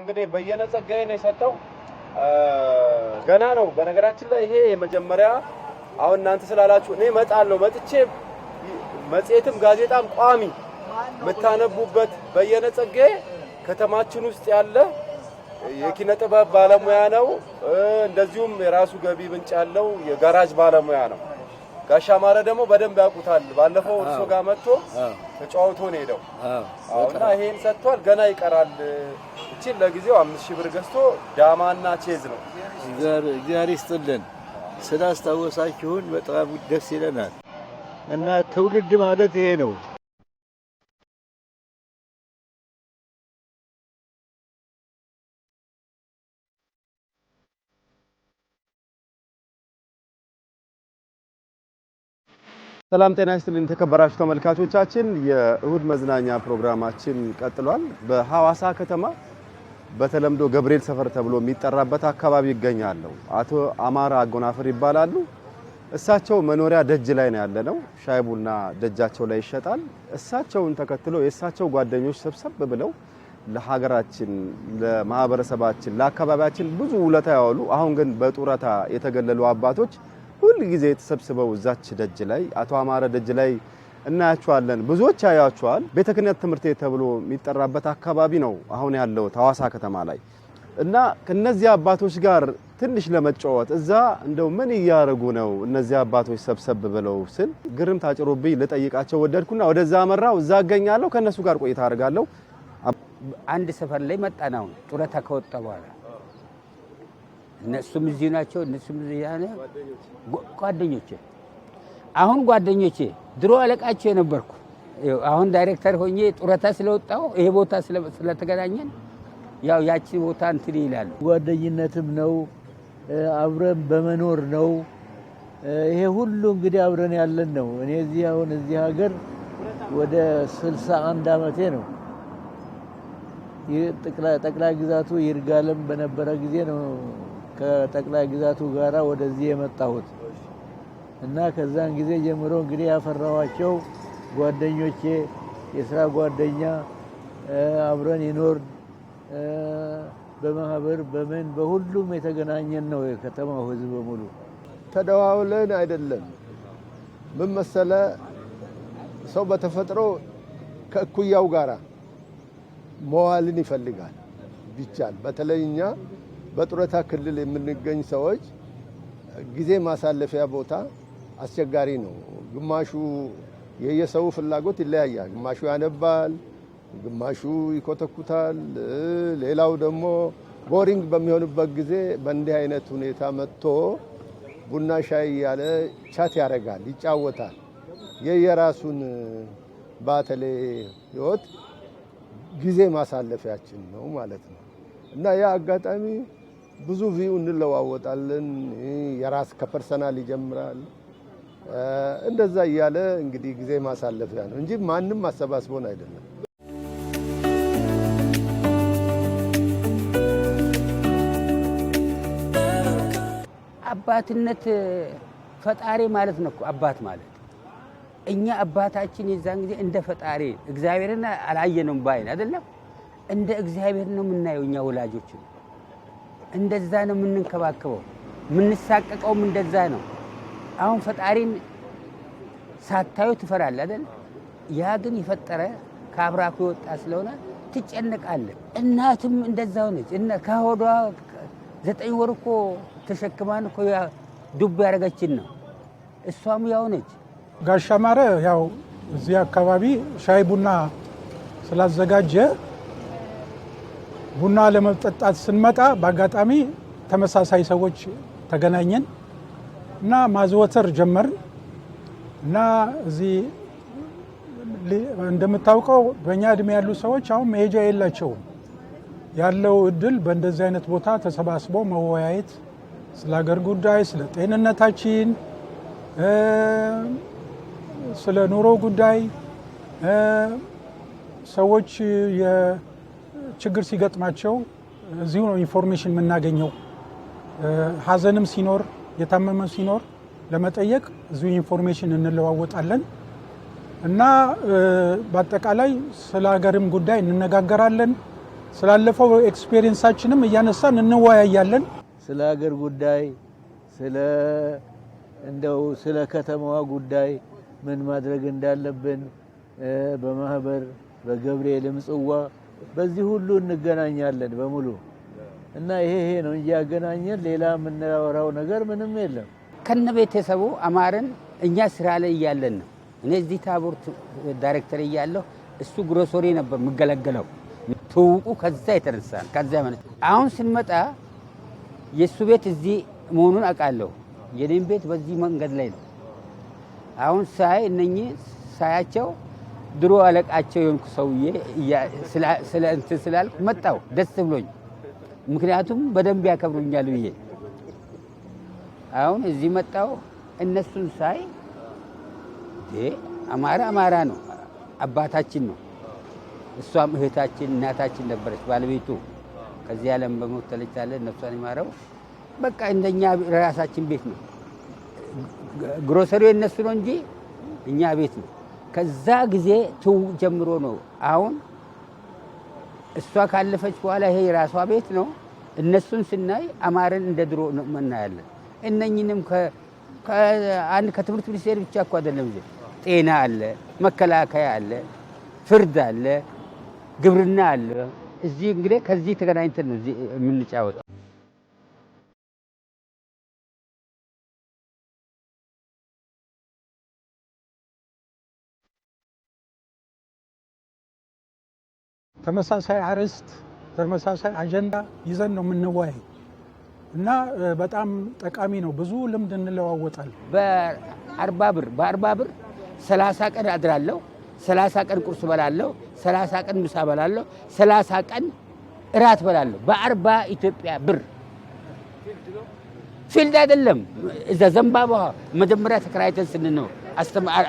እንግዲህ በየነ ጸጋዬ ነው የሰጠው። ገና ነው በነገራችን ላይ ይሄ የመጀመሪያ አሁን እናንተ ስላላችሁ እኔ እመጣለሁ መጥቼ መጽሔትም ጋዜጣም ቋሚ የምታነቡበት በየነ ጸጋዬ ከተማችን ውስጥ ያለ የኪነ ጥበብ ባለሙያ ነው። እንደዚሁም የራሱ ገቢ ምንጭ ያለው የጋራጅ ባለሙያ ነው። ጋሻ ማረ ደግሞ በደንብ ያውቁታል። ባለፈው እርሶ ጋር መጥቶ ተጫውቶ ነው ሄደው እና ይሄን ሰጥቷል። ገና ይቀራል። እቺን ለጊዜው አምስት ሺህ ብር ገዝቶ ዳማና ቼዝ ነው። እግዚአብሔር ይስጥልን። ስላስታወሳችሁን በጣም ደስ ይለናል እና ትውልድ ማለት ይሄ ነው። ሰላም ጤና ይስጥልኝ የተከበራችሁ ተመልካቾቻችን፣ የእሁድ መዝናኛ ፕሮግራማችን ቀጥሏል። በሐዋሳ ከተማ በተለምዶ ገብርኤል ሰፈር ተብሎ የሚጠራበት አካባቢ ይገኛለሁ። አቶ አማራ አጎናፍር ይባላሉ። እሳቸው መኖሪያ ደጅ ላይ ነው ያለነው። ሻይ ቡና ደጃቸው ላይ ይሸጣል። እሳቸውን ተከትሎ የእሳቸው ጓደኞች ሰብሰብ ብለው ለሀገራችን፣ ለማህበረሰባችን፣ ለአካባቢያችን ብዙ ውለታ ያዋሉ አሁን ግን በጡረታ የተገለሉ አባቶች ሁል ጊዜ ተሰብስበው እዛች ደጅ ላይ አቶ አማረ ደጅ ላይ እናያቸዋለን። ብዙዎች ያያቸዋል። ቤተ ክህነት ትምህርት ቤት ተብሎ የሚጠራበት አካባቢ ነው አሁን ያለው ሐዋሳ ከተማ ላይ እና ከነዚህ አባቶች ጋር ትንሽ ለመጫወት እዛ እንደው ምን እያደረጉ ነው እነዚህ አባቶች ሰብሰብ ብለው ስል ግርም ታጭሮብኝ ልጠይቃቸው ወደድኩና ወደዛ አመራው። እዛ አገኛለሁ፣ ከእነሱ ጋር ቆይታ አድርጋለሁ። አንድ ሰፈር ላይ መጣን። አሁን ጡረታ ከወጣ በኋላ እነሱም እዚህ ናቸው። እነሱም ያነ ጓደኞቼ አሁን ጓደኞቼ ድሮ አለቃቸው የነበርኩ አሁን ዳይሬክተር ሆኜ ጡረታ ስለወጣው ይሄ ቦታ ስለተገናኘን ያው ያቺ ቦታ እንትን ይላሉ። ጓደኝነትም ነው አብረን በመኖር ነው። ይሄ ሁሉ እንግዲህ አብረን ያለን ነው። እኔ እዚህ አሁን እዚህ ሀገር ወደ ስልሳ አንድ አመቴ ነው። ጠቅላይ ግዛቱ ይርጋለም በነበረ ጊዜ ነው ከጠቅላይ ግዛቱ ጋር ወደዚህ የመጣሁት እና ከዛን ጊዜ ጀምሮ እንግዲህ ያፈራኋቸው ጓደኞቼ፣ የስራ ጓደኛ አብረን ይኖር በማህበር በምን በሁሉም የተገናኘን ነው። የከተማው ህዝብ በሙሉ ተደዋውለን አይደለም። ምን መሰለ ሰው በተፈጥሮ ከእኩያው ጋራ መዋልን ይፈልጋል ቢቻል በተለይ እኛ በጡረታ ክልል የምንገኝ ሰዎች ጊዜ ማሳለፊያ ቦታ አስቸጋሪ ነው። ግማሹ የየሰው ፍላጎት ይለያያል። ግማሹ ያነባል፣ ግማሹ ይኮተኩታል። ሌላው ደግሞ ቦሪንግ በሚሆንበት ጊዜ በእንዲህ አይነት ሁኔታ መጥቶ ቡና ሻይ ያለ ቻት ያደርጋል፣ ይጫወታል። የየራሱን ባተሌ ህይወት ጊዜ ማሳለፊያችን ነው ማለት ነው እና ያ አጋጣሚ ብዙ ቪው እንለዋወጣለን። የራስ ከፐርሰናል ይጀምራል። እንደዛ እያለ እንግዲህ ጊዜ ማሳለፊያ ነው እንጂ ማንም አሰባስቦን አይደለም። አባትነት ፈጣሪ ማለት ነው እኮ አባት ማለት እኛ አባታችን የዛን ጊዜ እንደ ፈጣሪ እግዚአብሔርን አላየንም ባይን አይደለም እንደ እግዚአብሔር ነው የምናየው እኛ ነው እንደዛ ነው የምንንከባከበው፣ የምንሳቀቀውም እንደዛ ነው። አሁን ፈጣሪን ሳታዩ ትፈራል አይደል? ያ ግን የፈጠረ ከአብራኩ የወጣ ስለሆነ ትጨነቃለ። እናትም እንደዛ ሆነች። ከሆዷ ዘጠኝ ወር እኮ ተሸክማን እኮ ዱብ ያደረገችን ነው። እሷም ያው ነች። ጋሻ ማረ ያው እዚህ አካባቢ ሻይ ቡና ስላዘጋጀ ቡና ለመጠጣት ስንመጣ በአጋጣሚ ተመሳሳይ ሰዎች ተገናኘን እና ማዘወተር ጀመርን እና እዚህ እንደምታውቀው በእኛ እድሜ ያሉ ሰዎች አሁን መሄጃ የላቸውም። ያለው እድል በእንደዚህ አይነት ቦታ ተሰባስቦ መወያየት ስለ ሀገር ጉዳይ፣ ስለ ጤንነታችን፣ ስለ ኑሮ ጉዳይ ሰዎች ችግር ሲገጥማቸው እዚሁ ነው ኢንፎርሜሽን የምናገኘው። ሀዘንም ሲኖር የታመመ ሲኖር ለመጠየቅ እዚሁ ኢንፎርሜሽን እንለዋወጣለን እና በአጠቃላይ ስለ ሀገርም ጉዳይ እንነጋገራለን። ስላለፈው ኤክስፔሪየንሳችንም እያነሳን እንወያያለን። ስለ ሀገር ጉዳይ ስለ እንደው ስለ ከተማዋ ጉዳይ ምን ማድረግ እንዳለብን በማህበር በገብርኤልም ጽዋ በዚህ ሁሉ እንገናኛለን በሙሉ እና ይሄ ይሄ ነው እንጂ ያገናኘን ሌላ የምናወራው ነገር ምንም የለም። ከነ ቤተሰቡ አማርን እኛ ስራ ላይ እያለን ነው። እኔ እዚህ ታቦር ዳይሬክተር እያለሁ እሱ ግሮሶሪ ነበር የምገለገለው። ትውቁ ከዛ የተነሳ ከዛ ማለት አሁን ስንመጣ የእሱ ቤት እዚህ መሆኑን አውቃለሁ። የኔም ቤት በዚህ መንገድ ላይ ነው። አሁን ሳይ እነኚህ ሳያቸው ድሮ አለቃቸው የሆንኩ ሰውዬ ስለ እንትን ስላልኩ መጣሁ ደስ ብሎኝ፣ ምክንያቱም በደንብ ያከብሩኛል ብዬ። አሁን እዚህ መጣሁ እነሱን ሳይ አማራ አማራ ነው፣ አባታችን ነው። እሷም እህታችን እናታችን ነበረች፣ ባለቤቱ ከዚህ ዓለም በሞት ተለይታለች። ነፍሷን ይማረው። በቃ እንደኛ ራሳችን ቤት ነው። ግሮሰሪ የነሱ ነው እንጂ እኛ ቤት ነው። ከዛ ጊዜ ትው ጀምሮ ነው። አሁን እሷ ካለፈች በኋላ ይሄ የራሷ ቤት ነው። እነሱን ስናይ አማርን እንደ ድሮ እናያለን። እነኝንም አንድ ከትምህርት ሚኒስቴር ብቻ እኮ አይደለም ጤና አለ፣ መከላከያ አለ፣ ፍርድ አለ፣ ግብርና አለ። እዚህ እንግዲህ ከዚህ ተገናኝተን ነው የምንጫወተው። ተመሳሳይ አርዕስት፣ ተመሳሳይ አጀንዳ ይዘን ነው የምንወያይ እና በጣም ጠቃሚ ነው። ብዙ ልምድ እንለዋወጣል። በአርባ ብር በአርባ ብር ሰላሳ ቀን አድራለሁ፣ ሰላሳ ቀን ቁርስ በላለሁ፣ ሰላሳ ቀን ምሳ በላለሁ፣ ሰላሳ ቀን እራት በላለሁ። በአርባ ኢትዮጵያ ብር ፊልድ አይደለም እዛ ዘንባባ መጀመሪያ ተከራይተን ስንኖር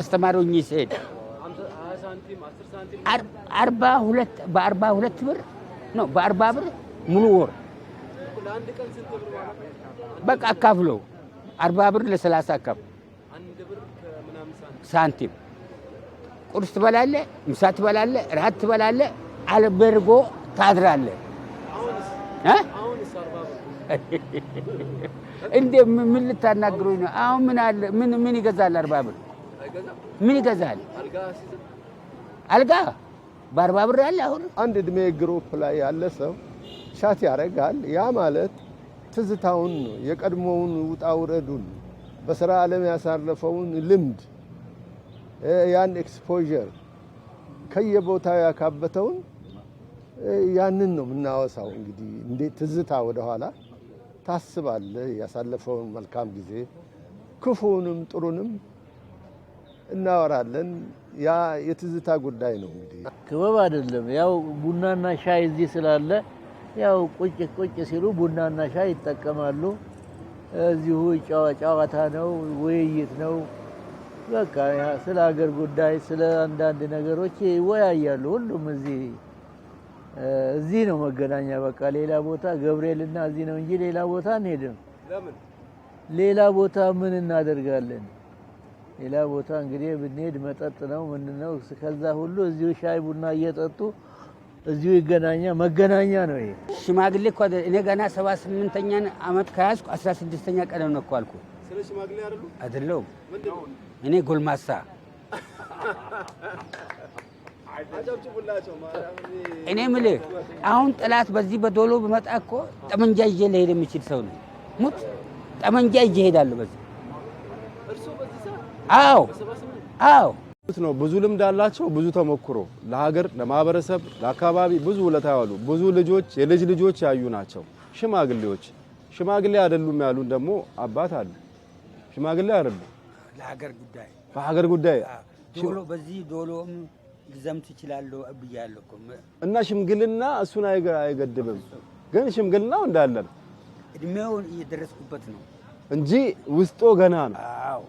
አስተማሪኝ ሲሄድ አርባ ሁለት በአርባ ሁለት ብር ነው በአርባ ብር ሙሉ ወር በቃ አካፍለው አርባ ብር ለሰላሳ አካፍል ሳንቲም ቁርስ ትበላለ፣ ምሳ ትበላለ፣ ራት ትበላለ፣ አልበርጎ ታድራለ። እንዴ ምን ልታናግሩኝ ነው? አሁን ምን አለ? ምን ምን ይገዛል? አርባ ብር ምን ይገዛል? አልጋ በአርባ ብር አለ። አሁን አንድ እድሜ ግሩፕ ላይ ያለ ሰው ሻት ያደርጋል። ያ ማለት ትዝታውን ነው፣ የቀድሞውን ውጣ ውረዱን፣ በስራ ዓለም ያሳረፈውን ልምድ፣ ያን ኤክስፖዠር ከየቦታው ያካበተውን ያንን ነው የምናወሳው። እንግዲህ እንዴት ትዝታ ወደኋላ ታስባለህ? ያሳለፈውን መልካም ጊዜ ክፉንም ጥሩንም እናወራለን። ያ የትዝታ ጉዳይ ነው። እንግዲህ ክበብ አይደለም ያው ቡናና ሻይ እዚህ ስላለ ያው ቁጭ ቁጭ ሲሉ ቡናና ሻይ ይጠቀማሉ። እዚሁ ጨዋታ ነው፣ ውይይት ነው። በቃ ስለ ሀገር ጉዳይ ስለ አንዳንድ ነገሮች ይወያያሉ። ሁሉም እዚህ እዚህ ነው መገናኛ። በቃ ሌላ ቦታ ገብርኤልና እዚህ ነው እንጂ ሌላ ቦታ አንሄድም። ሌላ ቦታ ምን እናደርጋለን? ሌላ ቦታ እንግዲህ ብንሄድ መጠጥ ነው ምንድን ነው ከዛ ሁሉ እዚሁ ሻይ ቡና እየጠጡ እዚሁ ይገናኛ መገናኛ ነው። ይሄ ሽማግሌ እኮ እኔ ገና ሰባ ስምንተኛ አመት ከያዝኩ አስራ ስድስተኛ ቀደም ነው እኮ አልኩ። አይደለሁም እኔ ጎልማሳ እኔ ምል አሁን ጠላት በዚህ በዶሎ ብመጣ እኮ ጠመንጃ ይዤ ልሄድ የሚችል ሰው ነው። ሙት ጠመንጃ ይዤ እሄዳለሁ በዚህ አዎ አዎ ነው ብዙ ልምድ አላቸው። ብዙ ተሞክሮ ለሀገር፣ ለማህበረሰብ፣ ለአካባቢ ብዙ ውለታ ያሉ ብዙ ልጆች የልጅ ልጆች ያዩ ናቸው። ሽማግሌዎች ሽማግሌ አይደሉም ያሉን ደግሞ አባት አሉ። ሽማግሌ አይደሉ ለሀገር ጉዳይ በሀገር ጉዳይ ዶሎ በዚህ ዶሎም ግዘምት ትችላለህ ብያለሁ እኮ እና ሽምግልና እሱን አይገድብም፣ ግን ሽምግልናው እንዳለን እድሜውን እየደረስኩበት ነው እንጂ ውስጦ ገና ነው።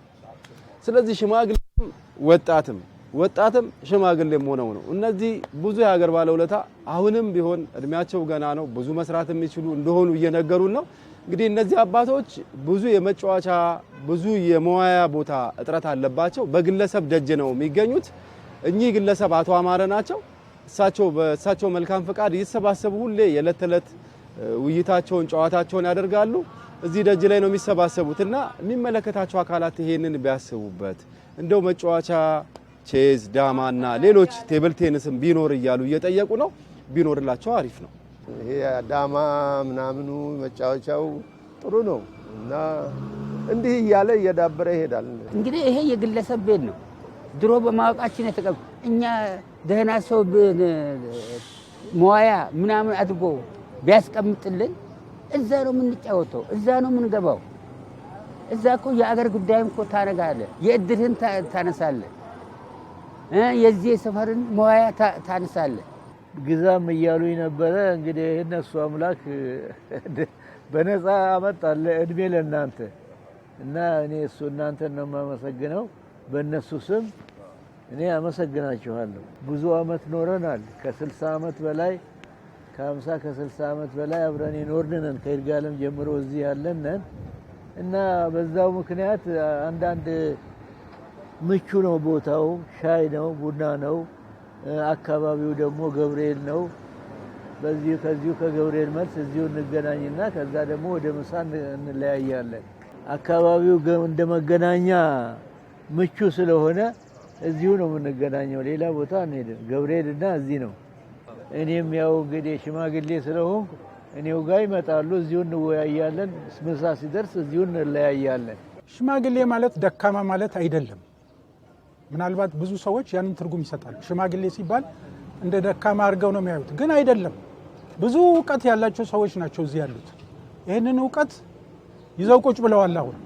ስለዚህ ሽማግሌም ወጣትም ወጣትም ሽማግሌም ሆነው ነው። እነዚህ ብዙ የሀገር ባለውለታ አሁንም ቢሆን እድሜያቸው ገና ነው፣ ብዙ መስራት የሚችሉ እንደሆኑ እየነገሩን ነው። እንግዲህ እነዚህ አባቶች ብዙ የመጫወቻ ብዙ የመዋያ ቦታ እጥረት አለባቸው። በግለሰብ ደጅ ነው የሚገኙት። እኚህ ግለሰብ አቶ አማረ ናቸው። እሳቸው በእሳቸው መልካም ፈቃድ እየተሰባሰቡ ሁሌ የዕለት ተዕለት ውይይታቸውን ጨዋታቸውን ያደርጋሉ። እዚህ ደጅ ላይ ነው የሚሰባሰቡት እና የሚመለከታቸው አካላት ይሄንን ቢያስቡበት እንደው መጫወቻ ቼዝ፣ ዳማ እና ሌሎች ቴብል ቴንስም ቢኖር እያሉ እየጠየቁ ነው። ቢኖርላቸው አሪፍ ነው። ይሄ ዳማ ምናምኑ መጫወቻው ጥሩ ነው እና እንዲህ እያለ እየዳበረ ይሄዳል። እንግዲህ ይሄ የግለሰብ ቤት ነው። ድሮ በማወቃችን የተቀ እኛ ደህና ሰው መዋያ ምናምን አድርጎ ቢያስቀምጥልን እዛ ነው የምንጫወተው፣ እዛ ነው የምንገባው። እዛ እኮ የአገር ጉዳይም እኮ ታነጋለህ፣ የእድርህን ታነሳለህ፣ የዚህ የሰፈርን መዋያ ታነሳለህ። ግዛም እያሉኝ ነበረ። እንግዲህ እነሱ አምላክ በነፃ አመጣለ። እድሜ ለእናንተ እና እኔ እሱ እናንተን ነው የማመሰግነው በእነሱ ስም እኔ አመሰግናችኋለሁ። ብዙ አመት ኖረናል፣ ከስልሳ አመት በላይ ከ ከ60 ዓመት በላይ አብረን የኖርንነን ከይርጋለም ጀምሮ እዚህ ያለንን እና በዛው ምክንያት አንዳንድ ምቹ ነው ቦታው፣ ሻይ ነው፣ ቡና ነው። አካባቢው ደግሞ ገብርኤል ነው። በዚሁ ከዚሁ ከገብርኤል መልስ እዚሁ እንገናኝና ከዛ ደግሞ ወደ ምሳ እንለያያለን። አካባቢው እንደ መገናኛ ምቹ ስለሆነ እዚሁ ነው የምንገናኘው። ሌላ ቦታ አንሄድም። ገብርኤል እና እዚህ ነው። እኔም ያው እንግዲህ ሽማግሌ ስለሆንኩ እኔው ጋር ይመጣሉ። እዚሁ እንወያያለን። ምሳ ሲደርስ እዚሁ እንለያያለን። ሽማግሌ ማለት ደካማ ማለት አይደለም። ምናልባት ብዙ ሰዎች ያንን ትርጉም ይሰጣሉ። ሽማግሌ ሲባል እንደ ደካማ አድርገው ነው የሚያዩት፣ ግን አይደለም። ብዙ እውቀት ያላቸው ሰዎች ናቸው እዚህ ያሉት። ይህንን እውቀት ይዘው ቁጭ ብለዋል። አሁን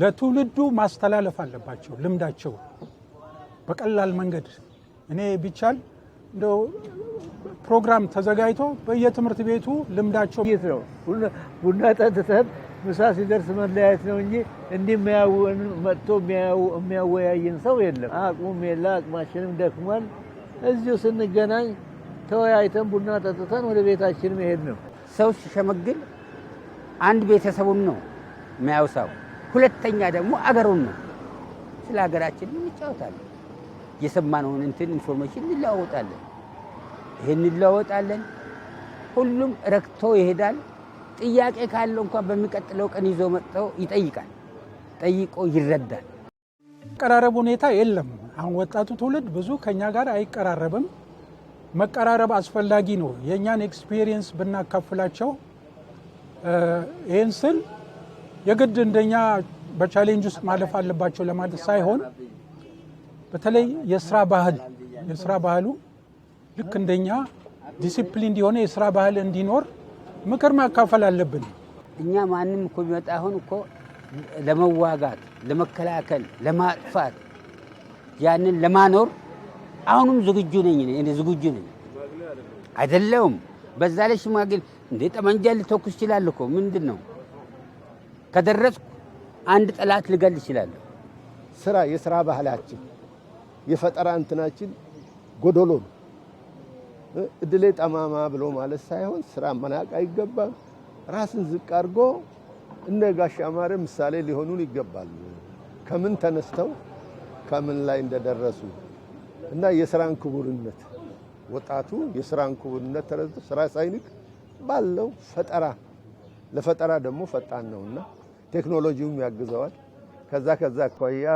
ለትውልዱ ማስተላለፍ አለባቸው ልምዳቸው በቀላል መንገድ እኔ ቢቻል እንደው ፕሮግራም ተዘጋጅቶ በየትምህርት ቤቱ ልምዳቸው ይት ነው። ቡና ጠጥተን ምሳ ሲደርስ መለያየት ነው እንጂ እንዲህ መጥቶ የሚያወያየን ሰው የለም። አቅሙም የለ፣ አቅማችንም ደክሟል። እዚሁ ስንገናኝ ተወያይተን ቡና ጠጥተን ወደ ቤታችን መሄድ ነው። ሰው ሲሸመግል አንድ ቤተሰቡን ነው የሚያውሳው፣ ሁለተኛ ደግሞ አገሩን ነው። ስለ ሀገራችን እንጫወታለን፣ የሰማነውን እንትን ኢንፎርሜሽን እንለዋወጣለን። ይህን እንለዋወጣለን። ሁሉም ረክቶ ይሄዳል። ጥያቄ ካለው እንኳን በሚቀጥለው ቀን ይዞ መጥቶ ይጠይቃል። ጠይቆ ይረዳል። መቀራረብ ሁኔታ የለም። አሁን ወጣቱ ትውልድ ብዙ ከኛ ጋር አይቀራረብም። መቀራረብ አስፈላጊ ነው። የእኛን ኤክስፒሪየንስ ብናካፍላቸው ይህን ስል የግድ እንደኛ በቻሌንጅ ውስጥ ማለፍ አለባቸው ለማለት ሳይሆን በተለይ የስራ ባህል የስራ ባህሉ ልክ እንደኛ ዲሲፕሊን እንዲሆነ የስራ ባህል እንዲኖር ምክር ማካፈል አለብን። እኛ ማንም እኮ ቢመጣ አሁን እኮ ለመዋጋት፣ ለመከላከል፣ ለማጥፋት ያንን ለማኖር አሁንም ዝግጁ ነኝ እኔ ዝግጁ ነኝ አይደለውም። በዛ ላይ ሽማግሌ እንዴ ጠመንጃ ልተኩስ ይችላል እኮ ምንድን ነው ከደረስኩ አንድ ጠላት ልገል ይችላል። ስራ የስራ ባህላችን የፈጠራ እንትናችን ጎደሎ ነው። እድሌ ጠማማ ብሎ ማለት ሳይሆን ስራ መናቅ አይገባም። ራስን ዝቅ አድርጎ እነ ጋሽ አማረ ምሳሌ ሊሆኑን ይገባል። ከምን ተነስተው ከምን ላይ እንደደረሱ እና የስራን ክቡርነት ወጣቱ የስራን ክቡርነት ተረድቶ ስራ ሳይንቅ ባለው ፈጠራ ለፈጠራ ደግሞ ፈጣን ነውና ቴክኖሎጂውም ያግዘዋል። ከዛ ከዛ አኳያ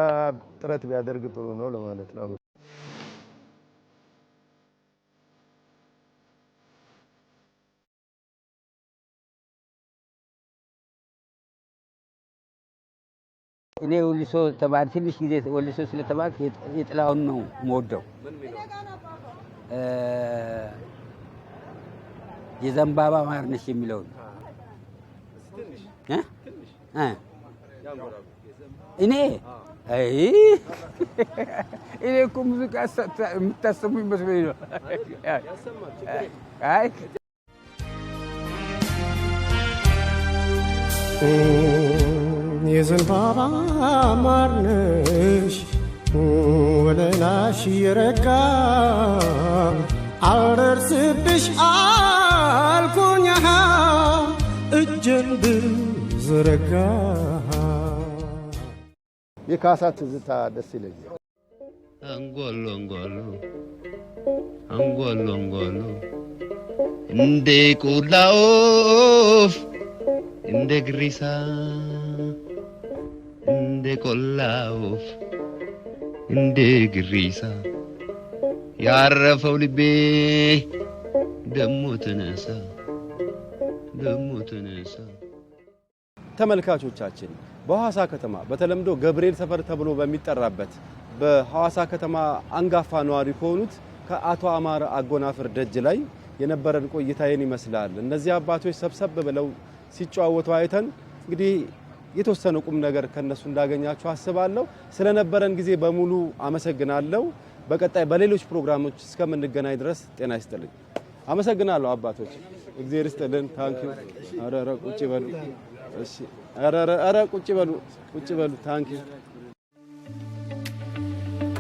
ጥረት ቢያደርግ ጥሩ ነው ለማለት ነው። እኔ ወልሶ ተማሪ ትንሽ ጊዜ ወሊሶ ስለተማርኩ የጥላሁን ነው የምወደው። የዘንባባ ማርነሽ የሚለውን እኔ እኔ እኮ ሙዚቃ የምታሰሙኝ መስሎኝ ነው። አይ የዘንባባ ማርነሽ ወለላሽ የረጋ አልደርስብሽ አልኩኛሃ እጀን ብዘረጋ የካሳ ትዝታ ደስ ይለኛል። አንጓሎ አንጓሎ አንጓሎ እንደ ቆላ ኦፍ እንደ ግሪሳ እንደ ቆላ ወፍ እንደ ግሪሳ ያረፈው ልቤ ደሞ ተነሳ ደሞ ተነሳ። ተመልካቾቻችን በሐዋሳ ከተማ በተለምዶ ገብርኤል ሰፈር ተብሎ በሚጠራበት በሐዋሳ ከተማ አንጋፋ ነዋሪ ከሆኑት ከአቶ አማረ አጎናፍር ደጅ ላይ የነበረን ቆይታዬን ይመስላል። እነዚህ አባቶች ሰብሰብ ብለው ሲጨዋወቱ አይተን እንግዲህ የተወሰነ ቁም ነገር ከነሱ እንዳገኛችሁ አስባለሁ። ስለነበረን ጊዜ በሙሉ አመሰግናለሁ። በቀጣይ በሌሎች ፕሮግራሞች እስከምንገናኝ ድረስ ጤና ይስጥልኝ። አመሰግናለሁ አባቶች፣ እግዚአብሔር ይስጥልን። ታንኪ ኧረ ቁጭ በሉ። እሺ ቁጭ በሉ፣ ቁጭ በሉ። ታንኪ